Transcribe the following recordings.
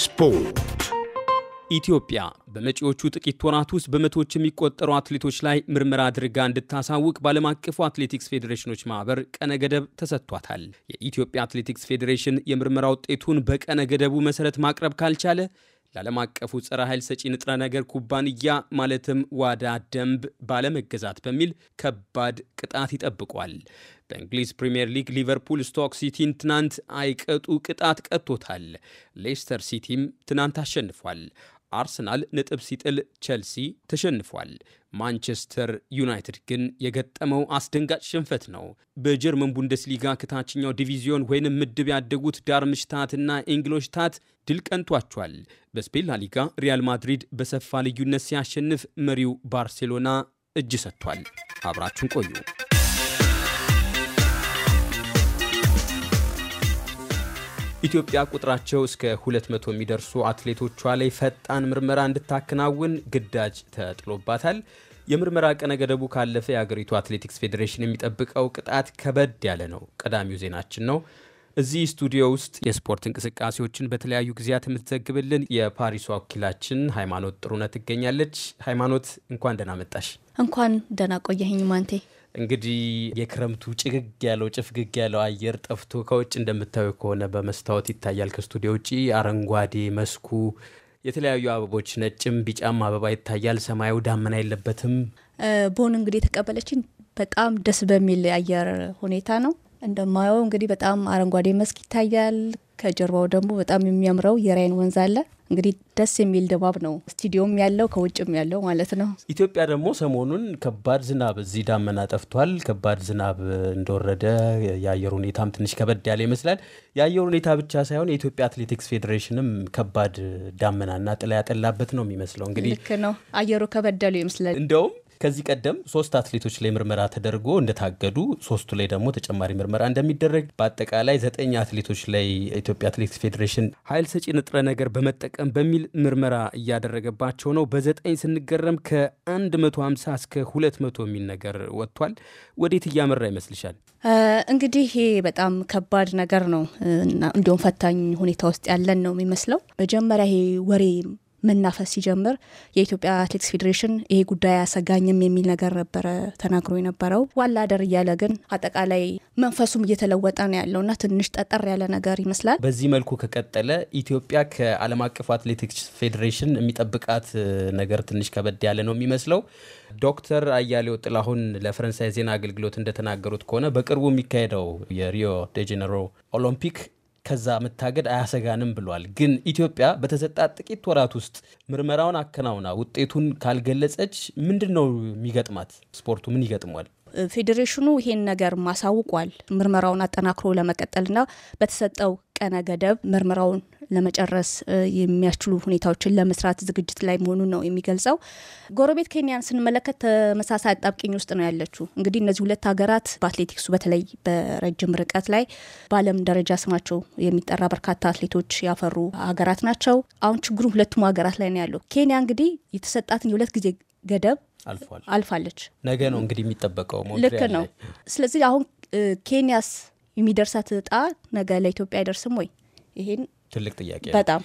ስፖርት ኢትዮጵያ በመጪዎቹ ጥቂት ወራት ውስጥ በመቶዎች የሚቆጠሩ አትሌቶች ላይ ምርመራ አድርጋ እንድታሳውቅ በዓለም አቀፉ አትሌቲክስ ፌዴሬሽኖች ማህበር ቀነ ገደብ ተሰጥቷታል። የኢትዮጵያ አትሌቲክስ ፌዴሬሽን የምርመራ ውጤቱን በቀነ ገደቡ መሰረት ማቅረብ ካልቻለ ለዓለም አቀፉ ጸረ ኃይል ሰጪ ንጥረ ነገር ኩባንያ ማለትም ዋዳ ደንብ ባለመገዛት በሚል ከባድ ቅጣት ይጠብቋል። በእንግሊዝ ፕሪምየር ሊግ ሊቨርፑል ስቶክ ሲቲን ትናንት አይቀጡ ቅጣት ቀጥቶታል። ሌስተር ሲቲም ትናንት አሸንፏል። አርሰናል ነጥብ ሲጥል ቼልሲ ተሸንፏል። ማንቸስተር ዩናይትድ ግን የገጠመው አስደንጋጭ ሽንፈት ነው። በጀርመን ቡንደስሊጋ ከታችኛው ዲቪዚዮን ወይንም ምድብ ያደጉት ዳርምሽታትና ኢንግሎሽታት ድል ቀንቷቸዋል። በስፔን ሊጋ ሪያል ማድሪድ በሰፋ ልዩነት ሲያሸንፍ፣ መሪው ባርሴሎና እጅ ሰጥቷል። አብራችን ቆዩ። ኢትዮጵያ ቁጥራቸው እስከ 200 የሚደርሱ አትሌቶቿ ላይ ፈጣን ምርመራ እንድታከናውን ግዳጅ ተጥሎባታል። የምርመራ ቀነ ገደቡ ካለፈ የአገሪቱ አትሌቲክስ ፌዴሬሽን የሚጠብቀው ቅጣት ከበድ ያለ ነው። ቀዳሚው ዜናችን ነው። እዚህ ስቱዲዮ ውስጥ የስፖርት እንቅስቃሴዎችን በተለያዩ ጊዜያት የምትዘግብልን የፓሪሷ ወኪላችን ሃይማኖት ጥሩነት ትገኛለች። ሃይማኖት እንኳን ደህና መጣሽ። እንኳን ደህና ቆየህኝ ማንቴ። እንግዲህ የክረምቱ ጭግግ ያለው ጭፍግግ ያለው አየር ጠፍቶ ከውጭ እንደምታዩ ከሆነ በመስታወት ይታያል። ከስቱዲዮ ውጭ አረንጓዴ መስኩ የተለያዩ አበቦች ነጭም ቢጫም አበባ ይታያል። ሰማዩ ዳመና የለበትም። ቦን እንግዲህ የተቀበለችን በጣም ደስ በሚል የአየር ሁኔታ ነው። እንደማየው እንግዲህ በጣም አረንጓዴ መስክ ይታያል። ከጀርባው ደግሞ በጣም የሚያምረው የራይን ወንዝ አለ። እንግዲህ ደስ የሚል ድባብ ነው። ስቱዲዮም ያለው ከውጭም ያለው ማለት ነው። ኢትዮጵያ ደግሞ ሰሞኑን ከባድ ዝናብ እዚህ ዳመና ጠፍቷል። ከባድ ዝናብ እንደወረደ የአየር ሁኔታም ትንሽ ከበድ ያለ ይመስላል። የአየር ሁኔታ ብቻ ሳይሆን የኢትዮጵያ አትሌቲክስ ፌዴሬሽንም ከባድ ዳመናና ጥላ ያጠላበት ነው የሚመስለው። እንግዲህ ልክ ነው። አየሩ ከበድ ይመስላል እንደውም ከዚህ ቀደም ሶስት አትሌቶች ላይ ምርመራ ተደርጎ እንደታገዱ ሶስቱ ላይ ደግሞ ተጨማሪ ምርመራ እንደሚደረግ በአጠቃላይ ዘጠኝ አትሌቶች ላይ ኢትዮጵያ አትሌቲክስ ፌዴሬሽን ኃይል ሰጪ ንጥረ ነገር በመጠቀም በሚል ምርመራ እያደረገባቸው ነው። በዘጠኝ ስንገረም ከ150 እስከ 200 የሚል ነገር ወጥቷል። ወዴት እያመራ ይመስልሻል? እንግዲህ ይሄ በጣም ከባድ ነገር ነው። እንዲሁም ፈታኝ ሁኔታ ውስጥ ያለን ነው የሚመስለው። መጀመሪያ ይሄ ወሬ መናፈስ ሲጀምር የኢትዮጵያ አትሌቲክስ ፌዴሬሽን ይሄ ጉዳይ አያሰጋኝም የሚል ነገር ነበረ ተናግሮ የነበረው። ዋላ ደር እያለ ግን አጠቃላይ መንፈሱም እየተለወጠ ነው ያለውና ትንሽ ጠጠር ያለ ነገር ይመስላል። በዚህ መልኩ ከቀጠለ ኢትዮጵያ ከዓለም አቀፉ አትሌቲክስ ፌዴሬሽን የሚጠብቃት ነገር ትንሽ ከበድ ያለ ነው የሚመስለው። ዶክተር አያሌው ጥላሁን ለፈረንሳይ ዜና አገልግሎት እንደተናገሩት ከሆነ በቅርቡ የሚካሄደው የሪዮ ዴ ጄኔሮ ኦሎምፒክ ከዛ መታገድ አያሰጋንም ብሏል። ግን ኢትዮጵያ በተሰጣት ጥቂት ወራት ውስጥ ምርመራውን አከናውና ውጤቱን ካልገለጸች ምንድን ነው የሚገጥማት? ስፖርቱ ምን ይገጥሟል? ፌዴሬሽኑ ይሄን ነገር ማሳውቋል። ምርመራውን አጠናክሮ ለመቀጠልና በተሰጠው ቀነ ገደብ ምርመራውን ለመጨረስ የሚያስችሉ ሁኔታዎችን ለመስራት ዝግጅት ላይ መሆኑን ነው የሚገልጸው። ጎረቤት ኬንያን ስንመለከት ተመሳሳይ አጣብቂኝ ውስጥ ነው ያለችው። እንግዲህ እነዚህ ሁለት ሀገራት በአትሌቲክሱ በተለይ በረጅም ርቀት ላይ በዓለም ደረጃ ስማቸው የሚጠራ በርካታ አትሌቶች ያፈሩ ሀገራት ናቸው። አሁን ችግሩ ሁለቱም ሀገራት ላይ ነው ያለው። ኬንያ እንግዲህ የተሰጣትን የሁለት ጊዜ ገደብ አልፋለች። ነገ ነው እንግዲህ የሚጠበቀው። ልክ ነው። ስለዚህ አሁን ኬንያስ የሚደርሳት እጣ ነገ ለኢትዮጵያ አይደርስም ወይ? ይሄን ትልቅ ጥያቄ በጣም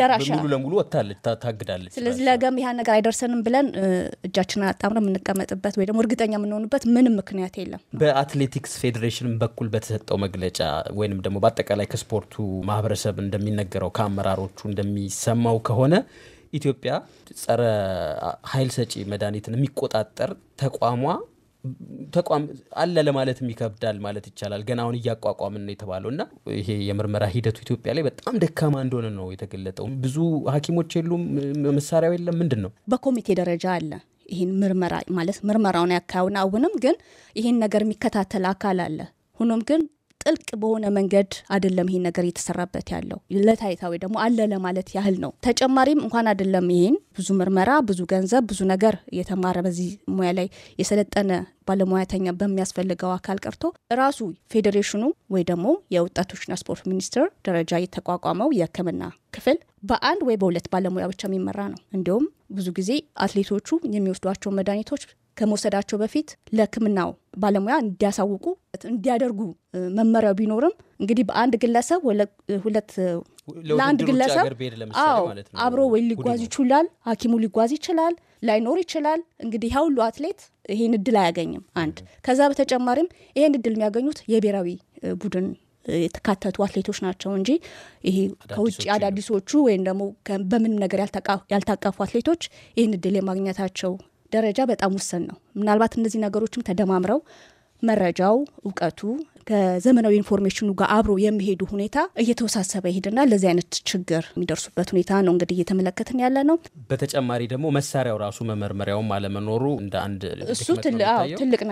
ደራሻ ሙሉ ለሙሉ ወጥታለች፣ ታግዳለች። ስለዚህ ለገም ያ ነገር አይደርሰንም ብለን እጃችንን አጣምረ የምንቀመጥበት ወይ ደግሞ እርግጠኛ የምንሆንበት ምንም ምክንያት የለም። በአትሌቲክስ ፌዴሬሽን በኩል በተሰጠው መግለጫ ወይንም ደግሞ በአጠቃላይ ከስፖርቱ ማህበረሰብ እንደሚነገረው ከአመራሮቹ እንደሚሰማው ከሆነ ኢትዮጵያ ጸረ ኃይል ሰጪ መድኃኒትን የሚቆጣጠር ተቋሟ ተቋም አለ ለማለትም ይከብዳል ማለት ይቻላል። ገና አሁን እያቋቋምን ነው የተባለው እና ይሄ የምርመራ ሂደቱ ኢትዮጵያ ላይ በጣም ደካማ እንደሆነ ነው የተገለጠው። ብዙ ሀኪሞች የሉም፣ መሳሪያው የለም። ምንድን ነው በኮሚቴ ደረጃ አለ ይህን ምርመራ ማለት ምርመራውን ያካውናውንም፣ ግን ይህን ነገር የሚከታተል አካል አለ። ሁኖም ግን ጥልቅ በሆነ መንገድ አይደለም ይሄን ነገር እየተሰራበት ያለው ለታይታ ወይ ደግሞ አለ ለማለት ያህል ነው። ተጨማሪም እንኳን አይደለም ይሄን ብዙ ምርመራ፣ ብዙ ገንዘብ፣ ብዙ ነገር የተማረ በዚህ ሙያ ላይ የሰለጠነ ባለሙያተኛ በሚያስፈልገው አካል ቀርቶ ራሱ ፌዴሬሽኑ ወይ ደግሞ የወጣቶችና ስፖርት ሚኒስቴር ደረጃ የተቋቋመው የሕክምና ክፍል በአንድ ወይ በሁለት ባለሙያ ብቻ የሚመራ ነው። እንዲሁም ብዙ ጊዜ አትሌቶቹ የሚወስዷቸው መድኃኒቶች ከመውሰዳቸው በፊት ለህክምናው ባለሙያ እንዲያሳውቁ እንዲያደርጉ መመሪያው ቢኖርም እንግዲህ በአንድ ግለሰብ ሁለት ለአንድ ግለሰብ አዎ አብሮ ወይ ሊጓዝ ይችላል፣ ሀኪሙ ሊጓዝ ይችላል፣ ላይኖር ይችላል። እንግዲህ ያ ሁሉ አትሌት ይህን እድል አያገኝም። አንድ ከዛ በተጨማሪም ይህን እድል የሚያገኙት የብሔራዊ ቡድን የተካተቱ አትሌቶች ናቸው እንጂ ይሄ ከውጭ አዳዲሶቹ ወይም ደግሞ በምንም ነገር ያልታቀፉ አትሌቶች ይህን እድል የማግኘታቸው ደረጃ በጣም ውስን ነው። ምናልባት እነዚህ ነገሮችም ተደማምረው መረጃው፣ እውቀቱ ከዘመናዊ ኢንፎርሜሽኑ ጋር አብሮ የሚሄዱ ሁኔታ እየተወሳሰበ ይሄድና ለዚህ አይነት ችግር የሚደርሱበት ሁኔታ ነው እንግዲህ እየተመለከትን ያለ ነው። በተጨማሪ ደግሞ መሳሪያው ራሱ መመርመሪያውም አለመኖሩ እንደ አንድ እሱ ትልቅ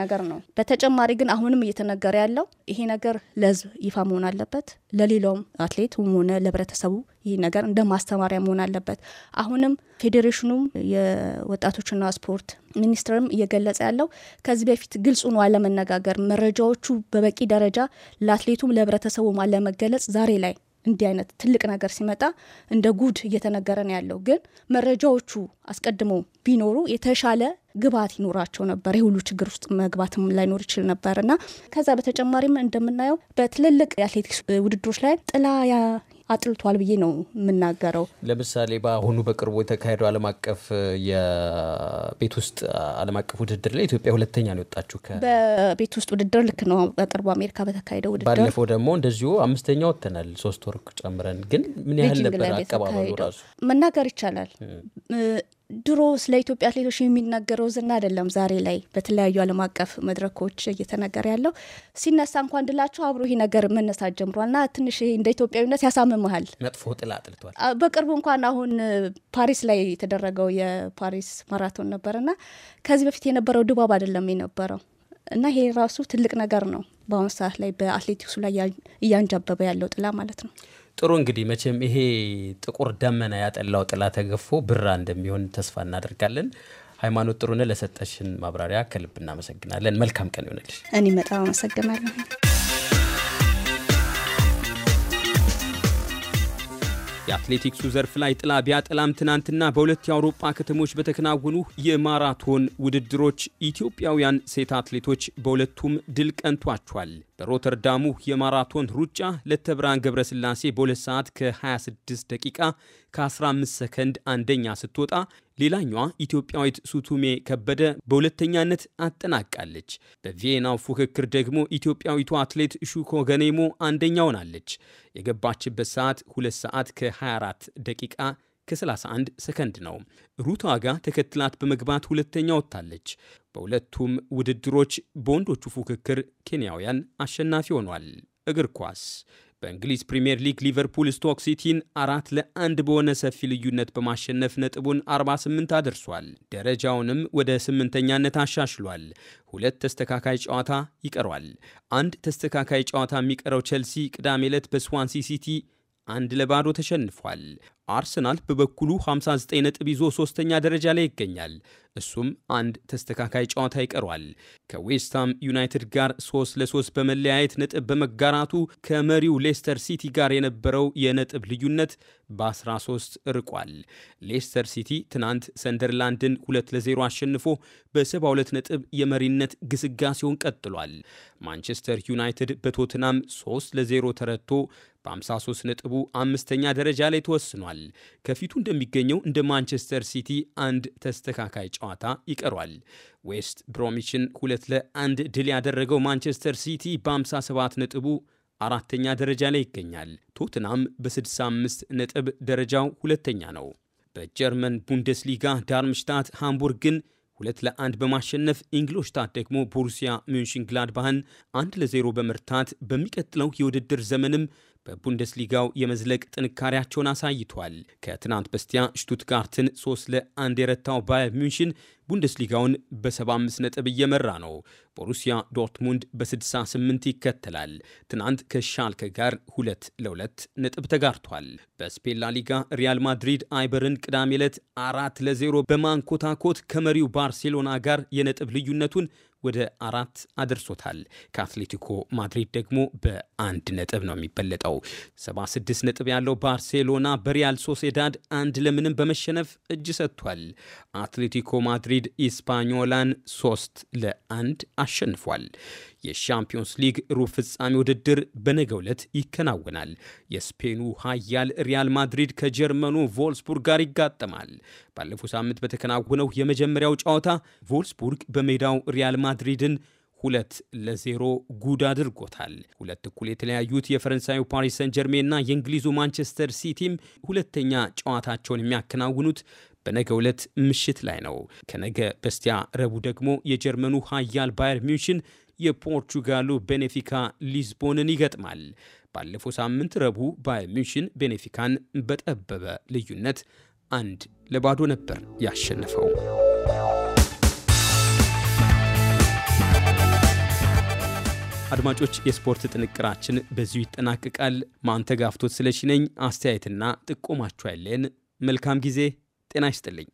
ነገር ነው። በተጨማሪ ግን አሁንም እየተነገረ ያለው ይሄ ነገር ለህዝብ ይፋ መሆን አለበት። ለሌላውም አትሌቱም ሆነ ለህብረተሰቡ ይህ ነገር እንደ ማስተማሪያ መሆን አለበት። አሁንም ፌዴሬሽኑም የወጣቶችና ስፖርት ሚኒስትርም እየገለጸ ያለው ከዚህ በፊት ግልጽ ሆኖ አለመነጋገር፣ መረጃዎቹ በበቂ ደረጃ ለአትሌቱም ለህብረተሰቡም አለመገለጽ ዛሬ ላይ እንዲህ አይነት ትልቅ ነገር ሲመጣ እንደ ጉድ እየተነገረ ነው ያለው። ግን መረጃዎቹ አስቀድሞ ቢኖሩ የተሻለ ግብዓት ይኖራቸው ነበር። የሁሉ ችግር ውስጥ መግባትም ላይኖር ይችል ነበር እና ከዛ በተጨማሪም እንደምናየው በትልልቅ የአትሌቲክስ ውድድሮች ላይ ጥላ አጥልቷል ብዬ ነው የምናገረው። ለምሳሌ በአሁኑ በቅርቡ የተካሄደው ዓለም አቀፍ የቤት ውስጥ ዓለም አቀፍ ውድድር ላይ ኢትዮጵያ ሁለተኛ ነው የወጣችሁ በቤት ውስጥ ውድድር ልክ ነው። በቅርቡ አሜሪካ በተካሄደው ውድድር ባለፈው ደግሞ እንደዚሁ አምስተኛ ወጥተናል፣ ሶስት ወርቅ ጨምረን። ግን ምን ያህል ነበር አቀባበሉ ራሱ መናገር ይቻላል። ድሮ ስለ ኢትዮጵያ አትሌቶች የሚነገረው ዝና አይደለም። ዛሬ ላይ በተለያዩ ዓለም አቀፍ መድረኮች እየተነገረ ያለው ሲነሳ እንኳን ድላቸው አብሮ ይሄ ነገር መነሳት ጀምሯልና ትንሽ እንደ ኢትዮጵያዊነት ያሳምመሃል። መጥፎ ጥላ ጥልቷል። በቅርቡ እንኳን አሁን ፓሪስ ላይ የተደረገው የፓሪስ ማራቶን ነበር እና ከዚህ በፊት የነበረው ድባብ አይደለም የነበረው እና ይሄ ራሱ ትልቅ ነገር ነው። በአሁኑ ሰዓት ላይ በአትሌቲክሱ ላይ እያንጃበበ ያለው ጥላ ማለት ነው። ጥሩ እንግዲህ መቼም ይሄ ጥቁር ደመና ያጠላው ጥላ ተገፎ ብራ እንደሚሆን ተስፋ እናደርጋለን። ሃይማኖት ጥሩነ ለሰጠሽን ማብራሪያ ከልብ እናመሰግናለን። መልካም ቀን ይሆነልሽ። እኔ በጣም አመሰግናለሁ። የአትሌቲክሱ ዘርፍ ላይ ጥላ ቢያጠላም ትናንትና በሁለት የአውሮፓ ከተሞች በተከናወኑ የማራቶን ውድድሮች ኢትዮጵያውያን ሴት አትሌቶች በሁለቱም ድል ቀንቷቸዋል። በሮተርዳሙ የማራቶን ሩጫ ለተብርሃን ገብረስላሴ በ2 ሰዓት ከ26 ደቂቃ ከ15 ሰከንድ አንደኛ ስትወጣ ሌላኛዋ ኢትዮጵያዊት ሱቱሜ ከበደ በሁለተኛነት አጠናቃለች። በቪየናው ፉክክር ደግሞ ኢትዮጵያዊቱ አትሌት ሹኮ ገኔሞ አንደኛ ሆናለች። የገባችበት ሰዓት 2 ሰዓት ከ24 ደቂቃ ከ31 ሰከንድ ነው። ሩት ዋጋ ተከትላት በመግባት ሁለተኛ ወጥታለች። በሁለቱም ውድድሮች በወንዶቹ ፉክክር ኬንያውያን አሸናፊ ሆኗል። እግር ኳስ በእንግሊዝ ፕሪምየር ሊግ ሊቨርፑል ስቶክ ሲቲን አራት ለአንድ በሆነ ሰፊ ልዩነት በማሸነፍ ነጥቡን 48 አድርሷል። ደረጃውንም ወደ ስምንተኛነት አሻሽሏል። ሁለት ተስተካካይ ጨዋታ ይቀሯል። አንድ ተስተካካይ ጨዋታ የሚቀረው ቸልሲ ቅዳሜ ዕለት በስዋንሲ ሲቲ አንድ ለባዶ ተሸንፏል። አርሰናል በበኩሉ 59 ነጥብ ይዞ ሶስተኛ ደረጃ ላይ ይገኛል። እሱም አንድ ተስተካካይ ጨዋታ ይቀሯል። ከዌስትሃም ዩናይትድ ጋር 3 ለ3 በመለያየት ነጥብ በመጋራቱ ከመሪው ሌስተር ሲቲ ጋር የነበረው የነጥብ ልዩነት በ13 ርቋል። ሌስተር ሲቲ ትናንት ሰንደርላንድን 2 ለ0 አሸንፎ በ72 ነጥብ የመሪነት ግስጋሴውን ቀጥሏል። ማንቸስተር ዩናይትድ በቶትናም 3 ለ0 ተረቶ በ53 ነጥቡ አምስተኛ ደረጃ ላይ ተወስኗል። ከፊቱ እንደሚገኘው እንደ ማንቸስተር ሲቲ አንድ ተስተካካይ ጨዋታ ይቀሯል። ዌስት ብሮሚችን ሁለት ለአንድ ድል ያደረገው ማንቸስተር ሲቲ በ57 ነጥቡ አራተኛ ደረጃ ላይ ይገኛል። ቶትናም በ65 ነጥብ ደረጃው ሁለተኛ ነው። በጀርመን ቡንደስሊጋ ዳርምሽታት ሃምቡርግን ሁለት ለአንድ በማሸነፍ ኢንግሎሽታት ደግሞ ቦሩሲያ ሚንሽንግላድባህን አንድ ለዜሮ በመርታት በሚቀጥለው የውድድር ዘመንም በቡንደስሊጋው የመዝለቅ ጥንካሬያቸውን አሳይቷል። ከትናንት በስቲያ ሽቱትጋርትን 3 ለ1 የረታው ባየር ሚንሽን ቡንደስሊጋውን በ75 ነጥብ እየመራ ነው። ቦሩሲያ ዶርትሙንድ በ68 ይከተላል። ትናንት ከሻልከ ጋር ሁለት 2 ነጥብ ተጋርቷል። በስፔን ሊጋ ሪያል ማድሪድ አይበርን ቅዳሜ ዕለት ለ ለዜሮ በማንኮታኮት ከመሪው ባርሴሎና ጋር የነጥብ ልዩነቱን ወደ አራት አድርሶታል። ከአትሌቲኮ ማድሪድ ደግሞ በአንድ ነጥብ ነው የሚበለጠው። 76 ነጥብ ያለው ባርሴሎና በሪያል ሶሴዳድ አንድ ለምንም በመሸነፍ እጅ ሰጥቷል። አትሌቲኮ ማድሪድ ኢስፓኞላን ሶስት ለአንድ አሸንፏል። የሻምፒዮንስ ሊግ ሩብ ፍጻሜ ውድድር በነገ ዕለት ይከናወናል። የስፔኑ ኃያል ሪያል ማድሪድ ከጀርመኑ ቮልስቡርግ ጋር ይጋጠማል። ባለፈው ሳምንት በተከናወነው የመጀመሪያው ጨዋታ ቮልስቡርግ በሜዳው ሪያል ማድሪድን ሁለት ለዜሮ ጉድ አድርጎታል። ሁለት እኩል የተለያዩት የፈረንሳዩ ፓሪስ ሰን ጀርሜንና የእንግሊዙ ማንቸስተር ሲቲም ሁለተኛ ጨዋታቸውን የሚያከናውኑት በነገ ዕለት ምሽት ላይ ነው። ከነገ በስቲያ ረቡዕ ደግሞ የጀርመኑ ኃያል ባየር ሚንሽን የፖርቹጋሉ ቤኔፊካ ሊዝቦንን ይገጥማል። ባለፈው ሳምንት ረቡዕ ባየር ሚንሽን ቤኔፊካን በጠበበ ልዩነት አንድ ለባዶ ነበር ያሸነፈው። አድማጮች፣ የስፖርት ጥንቅራችን በዚሁ ይጠናቀቃል። ማንተጋፍቶት ስለሺ ነኝ። አስተያየትና ጥቆማችሁ ያለን መልካም ጊዜ። ጤና ይስጥልኝ።